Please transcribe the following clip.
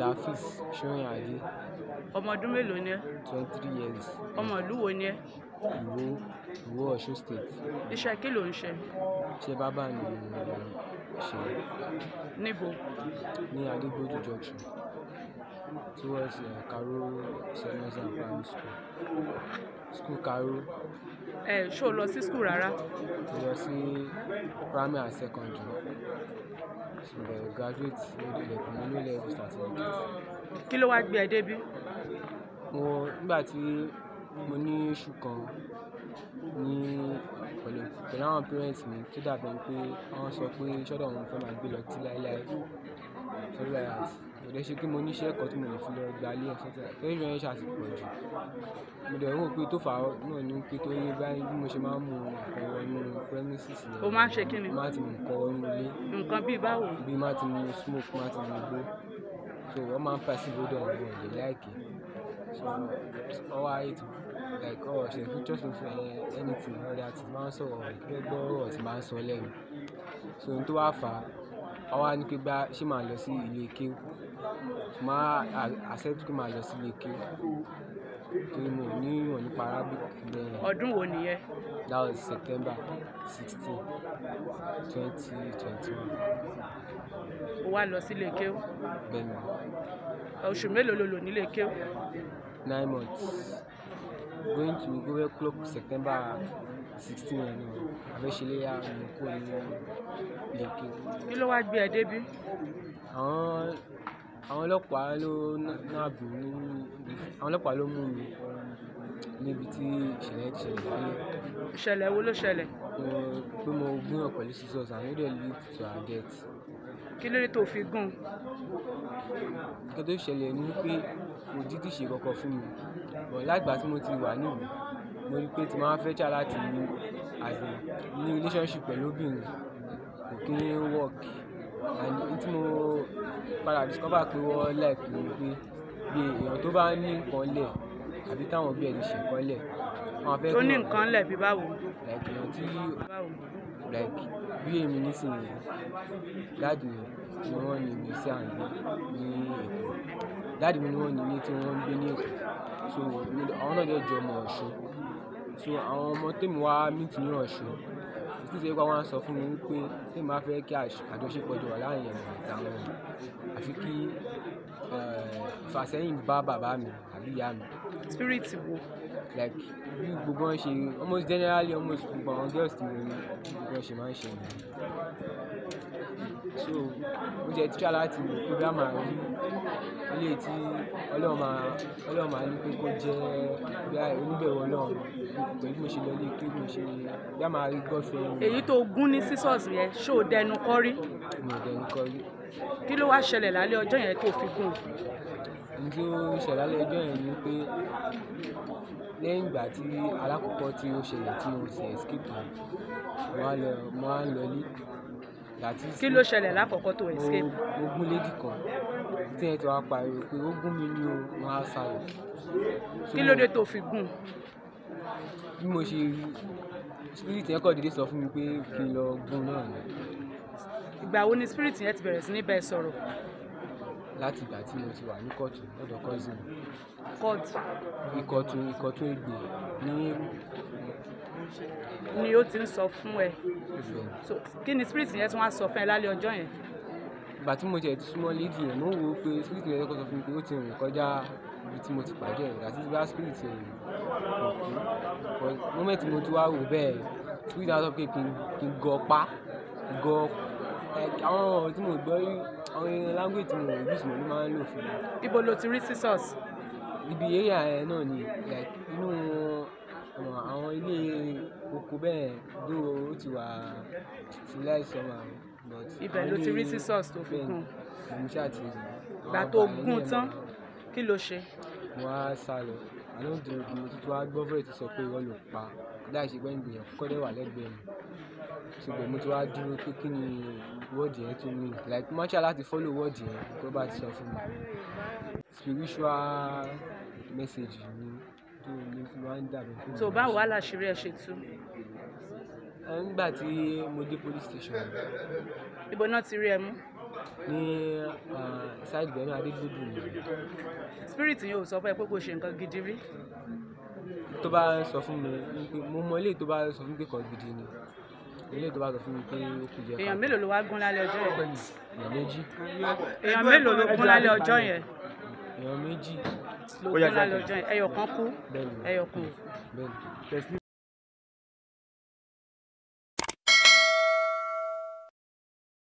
abdulhafiz shoyinade. ọmọ ọdún mélòó ni ẹ. twenty three years. ọmọ ìlú wo ni ẹ. ìwó ìwó ọ̀ṣun state. iṣẹ́ kí ló ń ṣe. iṣẹ́ bábà ni mo eh, ṣe. níbo. ní adégbòdù junction towards uh, karo senator primary school school karo. Eh, ẹ ṣó lọ sí school rárá. mo lọ sí primary and secondary bẹ̀rẹ̀ graduate lóde lẹ́kùn ní lóde lẹ́kùn certificate. kí ló wáá gbé ẹ débi. mo nígbà tí mo ní oṣù kan ní pẹ̀lú pẹ̀lú àwọn parents mi tó dàbí pé wọ́n sọ pé sọ́dọ̀ wọn fẹ́ máa gbé lọ tí láíláí sọ́dọ̀ ẹ̀ àti ìrẹ́ ṣe pé mo níṣẹ́ ẹ̀kọ́ tí mo lè fi lọ gba ilé ẹ̀sọ́ tẹ̀lé tó yẹ ṣe àti pọ̀ jù mo dẹ̀ wò pé tó fà á náà ni pé tó yẹ báyìí bí mo ṣe máa ń mu nǹkan wọnú premises yẹn o máa ń ṣe kí ni má ti mu nǹkan wọnú ilé nǹkan bíi báwo bí má ti mu smoke má ti mu igbó so wọ́n máa ń pàṣẹ ìbòdò àwọn èèyàn so ọwọ́ ayé ti like ọ̀rọ̀ ṣe pictures of anything all that ti máa ń sọ̀rọ̀ ìpínlẹ̀ gbọ́ ọ̀rọ̀ ti máa ń sọ lẹ́nu so ohun tó wá fà á ọwọ́ á ní pé bá ṣé máa lọ sí ilé kéwù máa accept pé máa lọ sí ilé kéwù torí mo ní ìwọ̀n nípa arabic lẹ́yìn. ọdún wo nìyẹn. that was september sixteen twenty twenty one. o wá lọ sílé kéwù. bẹ́ẹ̀ ni oṣù mélòó lo lò nílé kéwù. nine months going to go where clock september sixteen yẹn náà àfẹsẹ̀lẹ́yà nìkó ní ilé kéwù. kí ló wá gbé ẹ débí. àwọn àwọn ọlọ́pàá ló náà bù ní àwọn ọlọ́pàá ló mú mi níbi tí ìṣẹ̀lẹ̀ ti ṣẹlẹ̀ wáyé. ìṣẹ̀lẹ̀ wo ló ṣẹlẹ̀. pé mo gbìyànjú pẹ̀lú sísọ́ọ̀sì and i no lead to her death kí ló dé tó fi gùn. nǹkan tó ni pé kò dídì ṣe kọ̀kọ̀ fún mi bọ̀ lágbà tí mo ti wà nílùú mo rí i pé tí máa fẹ́ ṣá láti ní relationship pẹ̀lú obìnrin kò kí ń work and tí mo padà discover pé wọ́n like mi pé bí èèyàn tó bá ní nǹkan lẹ̀ àbí táwọn bí ẹni ṣe nǹkan lẹ̀ tó ní nǹkan lẹ̀ báwo. like èèyàn tí like bí èmi nísìnyí dáàdì mi ni wọ́n ní mi sí àná ní èkó dáàdì mi ni wọ́n ní mi tí wọ́n ń gbé ní èkó so àwọn náà dẹ̀ jọ ọmọ ọ̀ṣun so àwọn ọmọ tèmi wá mìtì ní ọ̀ṣun títí ṣe pé wọ́n á sọ fún mi wípé tèmi máa fẹ́ kí àjọṣepọ̀ jọ wà láàyè ẹ̀mọ̀ àtàwọn àfi kí eh, ìfàsẹ́yìn bá bàbá mi àbí ìyá mi. spirit wo like bí gbogbo wọn ṣe almost generally almost gbogbo àwọn girls ti mọ̀ ní gbogbo wọn ṣe máa ń ṣe nìyẹn so mo jẹ tíṣà láti wò pé ilé tí ọlọ́run máa ọlọ́run máa ní pé kó jẹ́ bí oníbẹ̀rù ọlọ́run pẹ̀lú mo ṣe lọ ní kí mo ṣe bí a máa rí gọ́fẹ́. èyí tó gún ní scissors yẹn ṣó o dẹnu kọ́ rí. mo dẹnu kọ́ rí. kí ló wáá ṣẹlẹ̀ lálẹ́ ọjọ́ yẹn tó fi gún un. tí ó ṣẹlẹ̀ lálẹ́ ọjọ́ yẹn ni pé lẹ́yìn ìgbà tí alákọ̀ọ́kọ́ tí ó ṣẹlẹ̀ tí mo ṣe escape mo wá lọ ilé kí ló ṣẹlẹ̀ lákọ̀ọ́kọ́ tó escape. Oh, mo gún lady kan tí ẹ ti wá pariwo pé ó gún mi ní o wọn á sáré. kí ló dé tó fi gún. bí mo ṣe rí spirit yẹn kọ́ dédé sọ fún mi pé kí n lọ gún náà ìgbà wo ni spirit yẹn ti bẹ̀rẹ̀ sí ní bẹ́ẹ̀ sọ̀rọ̀ láti ìgbà tí mo ti wà ní kóòtù lọ́dọ̀ cousin mi. Kóòtù. Ìkọ̀tún Ìkọ̀tún Egbò ní. Ni ó ti ń sọ fún ẹ. So kí ni spirit yẹn tí wọ́n á sọ fún ẹ lálẹ́ ọjọ́ yẹn? Ìgbà tí mo jẹ̀ ti súnmọ́ lady yẹn, mo ń wo pé spirit yẹn kọ́ sọ fún mi pé ó ti rìn kọjá ibi tí mo ti pàdé ẹ̀ àti bá spirit yẹn kò kú. Mọ́mẹ́tì mo ti wá wò bẹ́ẹ̀, spirit yẹn sọ pé kí n gọ pa, gọ àwọn ọ̀rọ̀ tí mo gbọ́ rí àwọn language tí mo use mo ló máa ń lò fún mi. ibo lo ti rí scissors. ibi area ẹ náà ni like inú àwọn ilé oko bẹ́ẹ̀ dó o ti wà july summer but. ibẹ̀ ló ti rí scissors tó fi kún. mo ṣáà ti rí. tó gún tán kí ló ṣe. wọ́n á àná òdì tuntun wá ti sọ pé irọ́ ló pa láì ṣe pé ìgbìyàn kọ́kọ́ wà lẹ́gbẹ̀ẹ́ mi ṣùgbọ́n mo ti wá dúró pé kí ni wọ́ọ̀dì yẹn tún mean like mo láti follow wọ́ọ̀dì yẹn tó bá ti sọ fún mi spiritual message ni tó ní fi wá ń dàbí. tó bá wàhálà ṣeré ẹ ṣe tú. nígbà tí mo dé police station. ibo náà ti rí ẹ mú ní ṣáìdì uh, bẹ́ẹ̀ ni. spirit yóò sọ fún ẹ pé kò ṣe nǹkan gidi rí. tó bá sọ fún mi pé mo mọ eléyìí tó bá sọ fún mi pé kò gidi ni eléyìí tó bá sọ fún mi pé ó kù jẹ. èèyàn mélòó ló wá gún lálẹ́ ọjọ́ yẹn. èèyàn méjì. èèyàn mélòó ló gún lálẹ́ ọjọ́ yẹn. èèyàn méjì. ló gún lálẹ́ ọjọ́ yẹn ẹyọ̀kan kú ẹyọ̀kan.